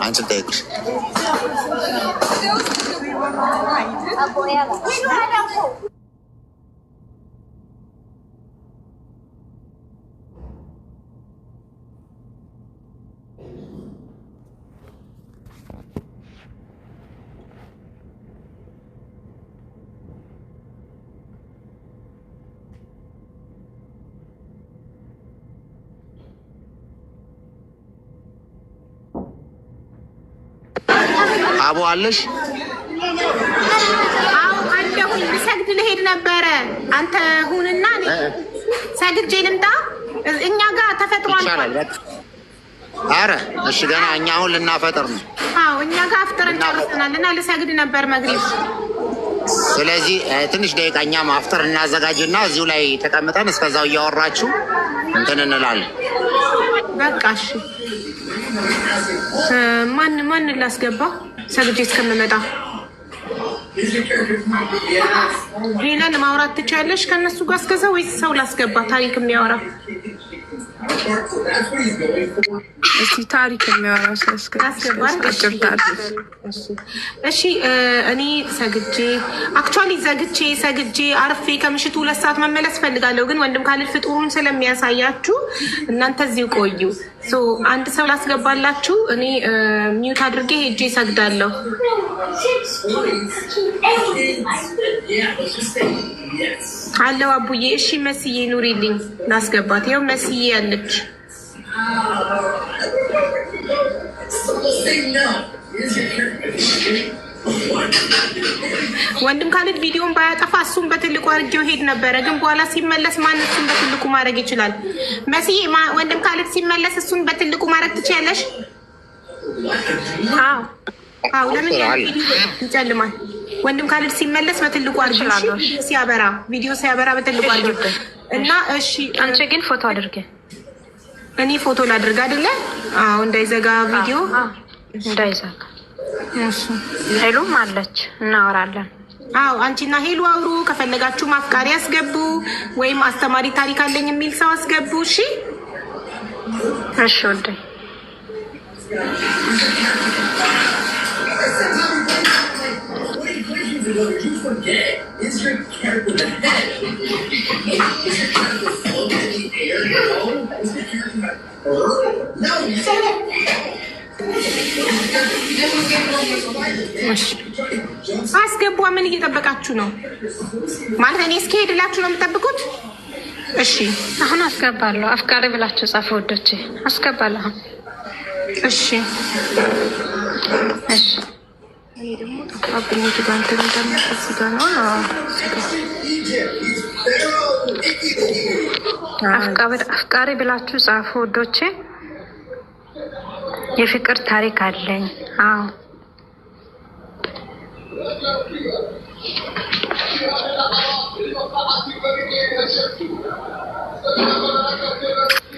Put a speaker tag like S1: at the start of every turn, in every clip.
S1: Antidex.
S2: Apoia tá é ela. É,
S1: ዳቦ አለሽ?
S3: አዎ አለሁኝ። ሰግድ ልሄድ ነበረ። አንተ ሁንና ሰግጄ ልምጣ። እኛ ጋር ተፈጥሯል።
S1: አረ እሺ፣ ገና እኛ አሁን ልናፈጥር ነው።
S3: አዎ እኛ ጋር አፍጥረን ጨርሰናል እና ልሰግድ ነበር መግሪብ።
S1: ስለዚህ ትንሽ ደቂቃ እኛም አፍጥር እናዘጋጅና እዚሁ ላይ ተቀምጠን እስከዛው እያወራችሁ እንትን እንላለን።
S3: በቃ እሺ። ማን ማን ላስገባ? ሰግጄ እስከምመጣ ሌላ ለማውራት ትቻለሽ ከእነሱ ጋር እስከዛ ወይስ ሰው ላስገባ ታሪክ የሚያወራ እስቲ ታሪክ የሚያወራ ሰው እሺ። እኔ ሰግጄ አክቹዋሊ ዘግቼ ሰግጄ አርፌ ከምሽቱ ሁለት ሰዓት መመለስ ፈልጋለሁ፣ ግን ወንድም ካልል ፍጡሩን ስለሚያሳያችሁ እናንተ እዚሁ ቆዩ። አንድ ሰው ላስገባላችሁ። እኔ ሚዩት አድርጌ ሄጄ ይሰግዳለሁ። አለው አቡዬ። እሺ መስዬ ኑሪልኝ፣ ላስገባት። ያው መስዬ ያለች ወንድም ካልን ቪዲዮን ባያጠፋ እሱን በትልቁ አድርጌው ሄድ ነበረ፣ ግን በኋላ ሲመለስ ማን እሱን በትልቁ ማድረግ ይችላል? መስዬ ወንድም ካልን ሲመለስ እሱን በትልቁ ማድረግ ትችያለሽ? አዎ፣ አዎ። ለምን ይጨልማል? ወንድም ካልድ ሲመለስ በትልቁ አድርጊው። ሲያበራ ቪዲዮ ሲያበራ በትልቁ አድርጊው እና እሺ፣ አንቺ ግን ፎቶ አድርጊ። እኔ ፎቶ ላድርግ አይደለ? አዎ፣ እንዳይዘጋ ቪዲዮ እንዳይዘጋ። ሄሉም አለች፣ እናወራለን። አዎ፣ አንቺና ሄሉ አውሩ። ከፈለጋችሁ ማፍቃሪ አስገቡ፣ ወይም አስተማሪ ታሪክ አለኝ የሚል ሰው አስገቡ። እሺ፣
S2: እሺ፣ ወደ you forget is your character character's head. is your
S3: character floating in the air? No. Is your character
S2: a bird?
S3: No, you said it. አስገቧ። ምን እየጠበቃችሁ ነው? ማለት እኔ እስከሄድላችሁ ነው የምጠብቁት? እሺ፣ አሁን አስገባለሁ። አፍቃሪ ብላችሁ ጻፈ ወዶቼ፣ አስገባለሁ። እሺ፣ እሺ እኔ ደግሞ ጠፋብኝ።
S4: ነው አፍቃሪ ብላችሁ ጻፉ ወዶቼ። የፍቅር ታሪክ አለኝ።
S2: አዎ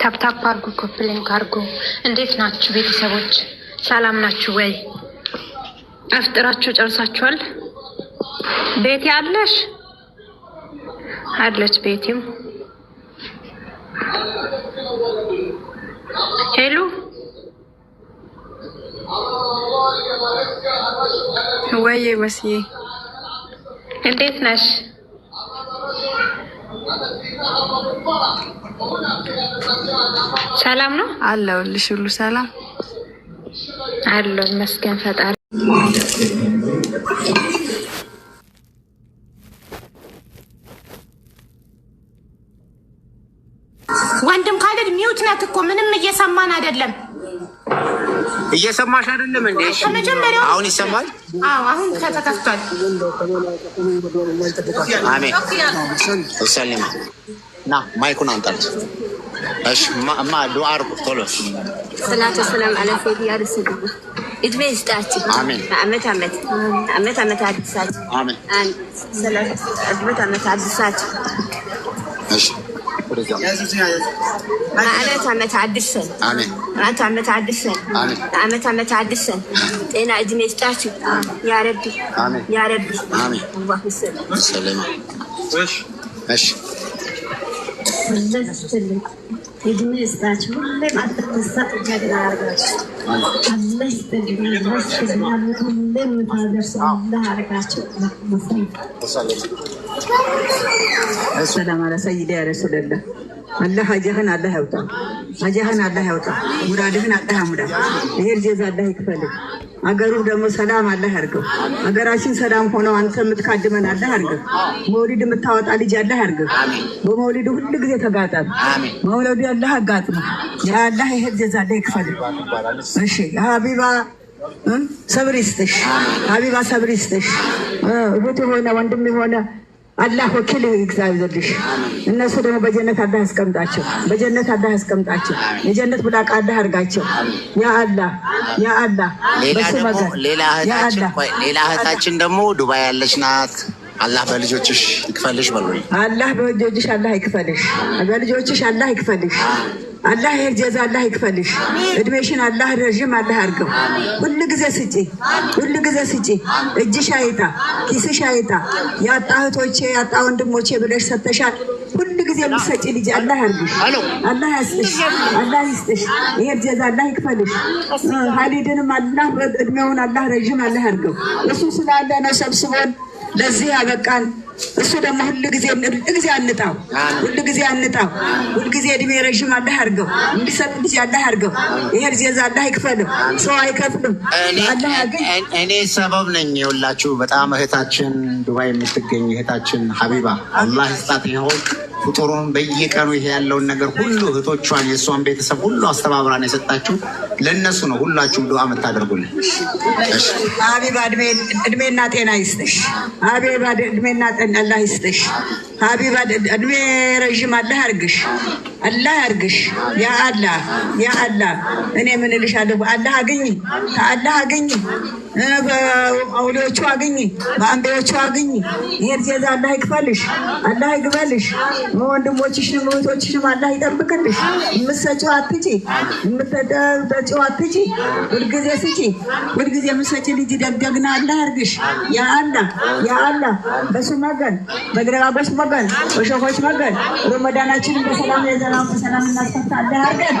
S3: ታፕታፕ አርጉ፣ ኮፕሊንክ አርጉ። እንዴት ናችሁ ቤተሰቦች?
S4: ሰላም ናችሁ ወይ? አፍጥራችሁ ጨርሳችኋል? ቤቴ አለሽ አለች። ቤቴም ሄሎ ወይ መስዬ እንዴት ነሽ? ሰላም ነው አለሁልሽ። ሁሉ ሰላም
S2: አለው። መስገን ፈጣሪ
S3: ወንድም ካለድ ሚውት ነክ እኮ ምንም እየሰማን አይደለም።
S1: እየሰማሽ አይደለም እንዴ? አሁን ይሰማል?
S3: አዎ፣ አሁን ከተከፍቷል።
S4: አሜን።
S1: ሰሊማ ና ማይኩን አንጣት። እሺ፣ ማ ዱዓ አርጉ ቶሎ
S2: እድሜ ይስጣችሁ። አመት አመት አመት አመት አድሳችሁ አመት አመት አድሳችሁ አመት አመት አድሰን አመት አመት አድሰን አመት አመት አድሰን ጤና እድሜ ይስጣችሁ። ያረቢ ረቢ ያ ረቢ ሰላም እድሜ ይስጣችሁ። ሁሌም አትነሳ እግዚአብሔር አያርጋችሁ። አላህ ይስጥልኝ። አላህ ይስጥልኝ። ሁሌም የምታደርሱ አላህ አርጋችሁ። ሰላም አላ ሰይዳ ረሱልላህ አላህ ሀጃህን አላህ ያውጣ፣ አጃህን አላህ ያውጣ፣ ሙራድህን አላህ ያሙዳ። ይሄር ዜዛ አላህ ይክፈልህ። አገሩን ደግሞ ሰላም አላህ ያርገው። አገራችን ሰላም ሆነው አንተ የምትካድመን አላህ ያርገህ። መውሊድ የምታወጣ ልጅ አላህ ያርገህ። በመውሊድ ሁሉ ጊዜ ተጋጣም መውለዱ አላህ አጋጥሞ አላህ ይሄር ዜዛ አላህ ይክፈልህ። እሺ ሀቢባ ሰብር ይስጥሽ፣ ሀቢባ ሰብር ይስጥሽ። እህት የሆነ ወንድም የሆነ አላህ ወኪል እግዚአብሔር ልሽ እነሱ ደግሞ በጀነት አላህ ያስቀምጣቸው፣ በጀነት አላህ ያስቀምጣቸው፣ የጀነት ብላቅ አላህ አድርጋቸው። ያ አላህ ያ አላህ። ሌላ
S1: እህታችን ደግሞ ዱባይ ያለች ናት። አላህ በልጆችሽ ይክፈልሽ በሉ።
S2: አላህ በልጆችሽ አላህ ይክፈልሽ፣ በልጆችሽ አላህ ይክፈልሽ። አላህ ይርጀዛ፣ አላህ ይክፈልሽ። እድሜሽን አላህ ረዥም አላህ አርገው። ሁል ጊዜ ስጪ፣ ሁሉ ጊዜ ስጪ። እጅሽ አይጣ፣ ኪስሽ አይጣ። ያጣ እህቶቼ ያጣ ወንድሞቼ ብለሽ ሰተሻል። ሁሉ ጊዜ የምትሰጪ ልጅ አላህ ያርግሽ፣ አላህ ያስጥሽ፣ አላህ ይስጥሽ። ይርጀዛ፣ አላህ ይክፈልሽ። ሀሊድንም አላህ እድሜውን አላህ ረዥም አላህ አርገው። እሱ ስላለ ነው ሰብስቦን ለዚህ ያበቃን። እሱ ደግሞ ሁሉ ጊዜ ጊዜ አንጣው ሁሉ ጊዜ አንጣው ሁሉ ጊዜ እድሜ ረዥም አላህ አርገው እንዲሰጥ ጊዜ አላህ አርገው። ይሄ ጊዜ እዛ አላህ አይክፈልም፣
S1: ሰው አይከፍልም። እኔ ሰበብ ነኝ። ሁላችሁ በጣም እህታችን ዱባይ የምትገኝ እህታችን ሀቢባ አላህ ይስጣት ይሆን ቁጥሩን በየቀኑ ይሄ ያለውን ነገር ሁሉ እህቶቿን የእሷን ቤተሰብ ሁሉ አስተባብራን የሰጣችሁ ለእነሱ ነው። ሁላችሁም ዱዓ የምታደርጉልን
S2: ሀቢባ እድሜና ጤና ይስጥሽ። ሀቢባ እድሜና ጤና አላህ ይስጥሽ። ሀቢባ እድሜ ረዥም አላህ ያርግሽ። አላህ ያርግሽ። ያ አላህ ያ አላህ እኔ ምን እልሻለሁ? አላህ አገኝ፣ ከአላህ አገኝ፣ በአውሌዎቹ አገኝ፣ በአንቢያዎቹ አገኝ። ይሄ ዜዛ አላህ ይክፈልሽ፣ አላህ ይግበልሽ። ወንድሞችሽንም እህቶችሽንም አላህ ይጠብቅልሽ። የምትሰጪው አትጪ፣ የምትጠጪው አትጪ፣ ሁልጊዜ ስጪ። ሁልጊዜ የምትሰጪ ልጅ ደግደግና አላህ ያርግሽ። ያ አላህ ያ አላህ በሱ መገን፣ በግረባቦች መገን፣ በሸሆች መገን ረመዳናችንን በሰላም ያዘና ሰላም በሰላም እናስፈታለን አድርገን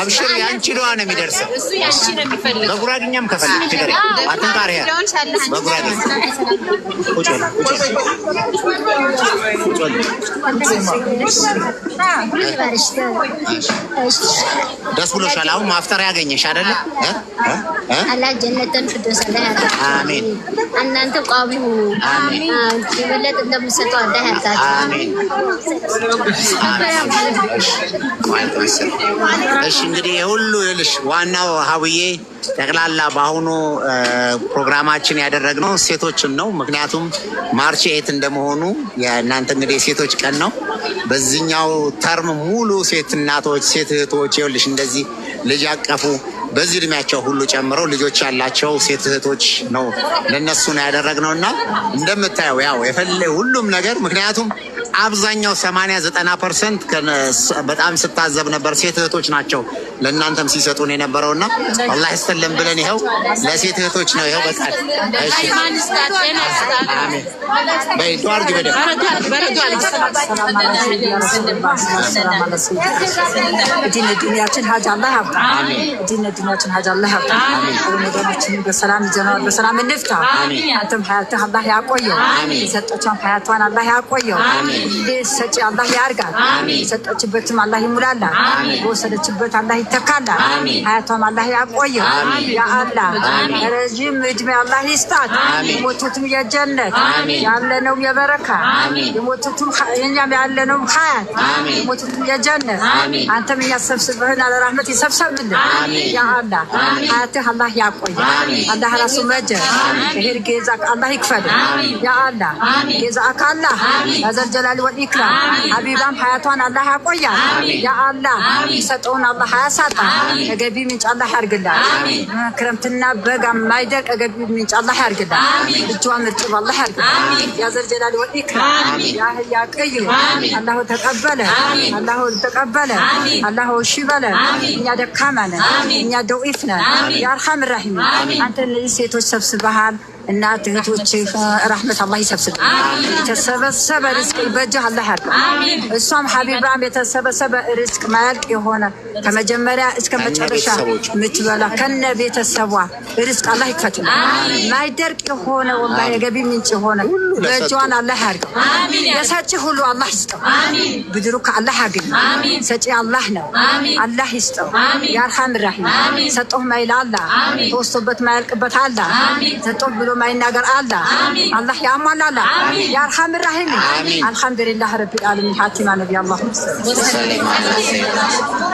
S3: አብሽር፣ የአንቺ
S1: ዱዓ ነው የሚደርሰው። በጉራግኛም ከፈለግሽ ትግሬ አትንጣሪ። ደስ ብሎሻል። አሁን ማፍጠር ያገኘሽ አይደለም
S2: አላህ ጀነተን ፍርደውስ አላህ ያርጋችሁ። አሜን። እናንተ የበለጠ አላህ ያርጋችሁ።
S1: እሺ እንግዲህ የሁሉ ይኸውልሽ ዋናው ሀውዬ ጠቅላላ በአሁኑ ፕሮግራማችን ያደረግነው ሴቶችን ነው። ምክንያቱም ማርች ኤት እንደመሆኑ የእናንተ እንግዲህ የሴቶች ቀን ነው። በዚህኛው ተርም ሙሉ ሴት እናቶች፣ ሴት እህቶች ይኸውልሽ እንደዚህ ልጅ አቀፉ በዚህ እድሜያቸው ሁሉ ጨምረው ልጆች ያላቸው ሴት እህቶች ነው ለእነሱ ነው እና እንደምታየው ያው የፈለ ሁሉም ነገር ምክንያቱም አብዛኛው 80 90 ፐርሰንት በጣም ስታዘብ ነበር። ሴት እህቶች ናቸው ለእናንተም ሲሰጡን የነበረው የነበረውና አላህ ይስጥልን ብለን ይኸው ለሴት እህቶች ነው። ይኸው በቃ
S3: እሺ፣ አሜን
S4: በይ ዱአ አድርጊ በደምብ ዲን ዱንያችን በሰላም ያቆየው፣ የሰጠቻን ሀያቷን አላህ ያቆየው። ቤት ሰጪ አላህ ያርጋል። የሰጠችበትም አላህ ይሙላላል። የወሰደችበት አላህ ይተካላል። ሀያቷም አላህ ያቆየው። ያአላ ረዥም እድሜ አላህ ይስጣት። የሞቱትም የጀነት ያለነውም የበረካ የሞቱትም እኛም ያለነውም ሀያት የሞቱትም የጀነት አንተም እኛ ሰብስበህን ይሰብሰብልን። ያአላህ ሀያትህ አላህ ያቆየ። አላህ ራሱ መጀ ይሄ ጌዛ አላህ ይክፈል። ያአላህ ጌዛ አካላህ ያዘልጀላ ጀላል ወኢክራም ሀቢባም ሀያቷን አላህ ያቆያል። ያ አላህ ሰጠውን አላህ ያሳጣ። የገቢ ምንጭ አላህ ያርግላል። ክረምትና በጋ ማይደርቅ የገቢ ምንጭ አላህ ያርግላል። እጇን እርጥብ አላህ ያርግላል። ያ ዘልጀላል ወኢክራም ያ ህያ አላሁ ተቀበለ አላሁ ተቀበለ አላሁ እሺ በለ። እኛ ደካማ ነን፣ እኛ ደዊፍ ነን። ያ ራሒም አንተ እነዚህ ሴቶች ሰብስበሃል እናት እህቶችህ ረሕመት አላህ ይሰብስብ። የተሰበሰበ ርዝቅ በእጅህ አላህ ያለው እሷም ሀቢባም የተሰበሰበ ርዝቅ ማያልቅ የሆነ ከመጀመሪያ እስከ መጨረሻ የምትበላ ከነ ቤተሰቧ ርዝቅ አላህ ይክፈትል። ማይደርቅ የሆነ ወላሂ የገቢ ምንጭ የሆነ በእጅዋን አላህ ያድርገው። የሰጪ ሁሉ አላህ ይስጠው። ብድሩ ከአላህ ያገኝ። ሰጪ አላህ ነው፣ አላህ ይስጠው። የአርሐም ራሒም ሰጠሁ ማይላ አላ ተወስቶበት ማያልቅበት አላ ሰጠሁ ብሎ ማይናገር አላ አላህ ያሟላ ያርሐም ራሂም አልሐምዱሊላህ ረቢል ዓለሚን ሐኪማ ነቢ አላሁ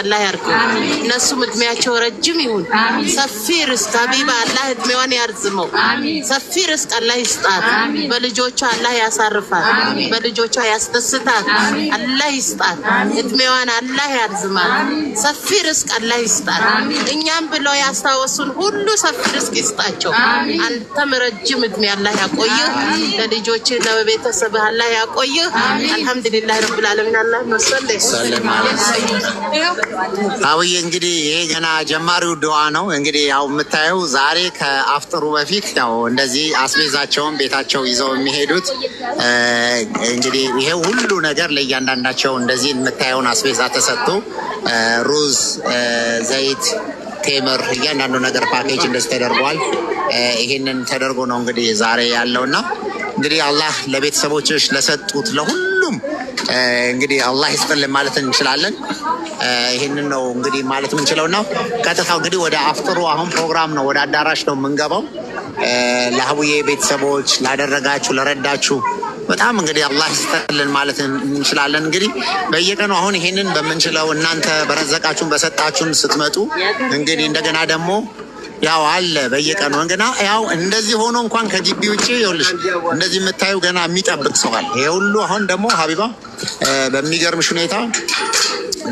S3: አላህ ያርገው እነሱም እድሜያቸው ረጅም ይሁን፣ ሰፊ ርስቅ ሀቢባ አላህ እድሜዋን ያርዝመው። ሰፊ ርስቅ አላህ ይስጣት። በልጆቿ አላህ ያሳርፋት። በልጆቿ ያስደስታት አላህ ይስጣት። እድሜዋን አላህ ያርዝማት። ሰፊ ርስቅ አላህ ይስጣት። እኛም ብለው ያስታወሱን ሁሉ ሰፊ ርስቅ ይስጣቸው። አንተም ረጅም እድሜ አላህ ያቆይህ። ለልጆች ለቤተሰብ አላህ ያቆይህ። አልሐምዱሊላህ ረብ ዓለሚን አላህ መሰለ
S1: አብዬ እንግዲህ ይሄ ገና ጀማሪው ድዋ ነው። እንግዲህ ያው የምታየው ዛሬ ከአፍጥሩ በፊት ያው እንደዚህ አስቤዛቸውን ቤታቸው ይዘው የሚሄዱት እንግዲህ ይሄ ሁሉ ነገር ለእያንዳንዳቸው እንደዚህ የምታየውን አስቤዛ ተሰጥቶ ሩዝ፣ ዘይት፣ ቴምር እያንዳንዱ ነገር ፓኬጅ እንደዚህ ተደርጓል። ይህንን ተደርጎ ነው እንግዲህ ዛሬ ያለውና እንግዲህ አላህ ለቤተሰቦችሽ ለሰጡት ለሁሉም እንግዲህ አላህ ይስጥልን ማለት እንችላለን። ይህንን ነው እንግዲህ ማለት የምንችለው እና ቀጥታ እንግዲህ ወደ አፍጥሩ አሁን ፕሮግራም ነው፣ ወደ አዳራሽ ነው የምንገባው። ለአቡዬ ቤተሰቦች ላደረጋችሁ፣ ለረዳችሁ በጣም እንግዲህ አላህ ይስጥልን ማለት እንችላለን። እንግዲህ በየቀኑ አሁን ይህንን በምንችለው እናንተ በረዘቃችሁን በሰጣችሁን ስትመጡ እንግዲህ እንደገና ደግሞ ያው አለ በየቀኑ እንግና ያው እንደዚህ ሆኖ እንኳን ከግቢ ውጭ ይኸውልሽ እንደዚህ የምታዩ ገና የሚጠብቅ ሰው አለ። ይሄ ሁሉ አሁን ደግሞ ሀቢባ በሚገርምሽ ሁኔታ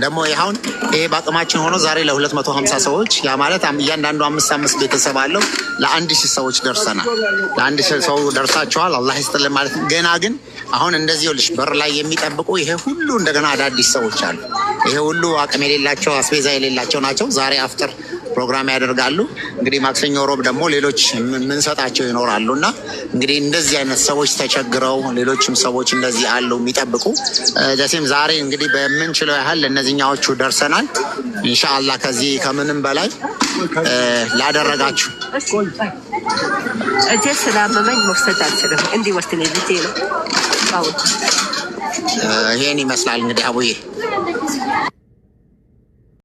S1: ደግሞ ይሁን ይሄ በአቅማችን ሆኖ ዛሬ ለ250 ሰዎች ያ ማለት እያንዳንዱ አምስት አምስት ቤተሰብ አለው ለአንድ ሺህ ሰዎች ደርሰናል። ለአንድ ሺህ ሰው ደርሳቸዋል። አላህ ይስጥልን ማለት ገና ግን አሁን እንደዚህ ልሽ በር ላይ የሚጠብቁ ይሄ ሁሉ እንደገና አዳዲስ ሰዎች አሉ። ይሄ ሁሉ አቅም የሌላቸው አስቤዛ የሌላቸው ናቸው። ዛሬ አፍጥር ፕሮግራም ያደርጋሉ። እንግዲህ ማክሰኞ፣ ሮብ ደግሞ ሌሎች የምንሰጣቸው ይኖራሉ እና እንግዲህ እንደዚህ አይነት ሰዎች ተቸግረው ሌሎችም ሰዎች እንደዚህ አሉ የሚጠብቁ ደሴም ዛሬ እንግዲህ በምንችለው ያህል ለእነዚህኛዎቹ ደርሰናል። እንሻአላ ከዚህ ከምንም በላይ ላደረጋችሁ ስላመመኝ መውሰድ አልችልም። እንዲህ ልጄ ነው። ይሄን ይመስላል እንግዲህ አቡዬ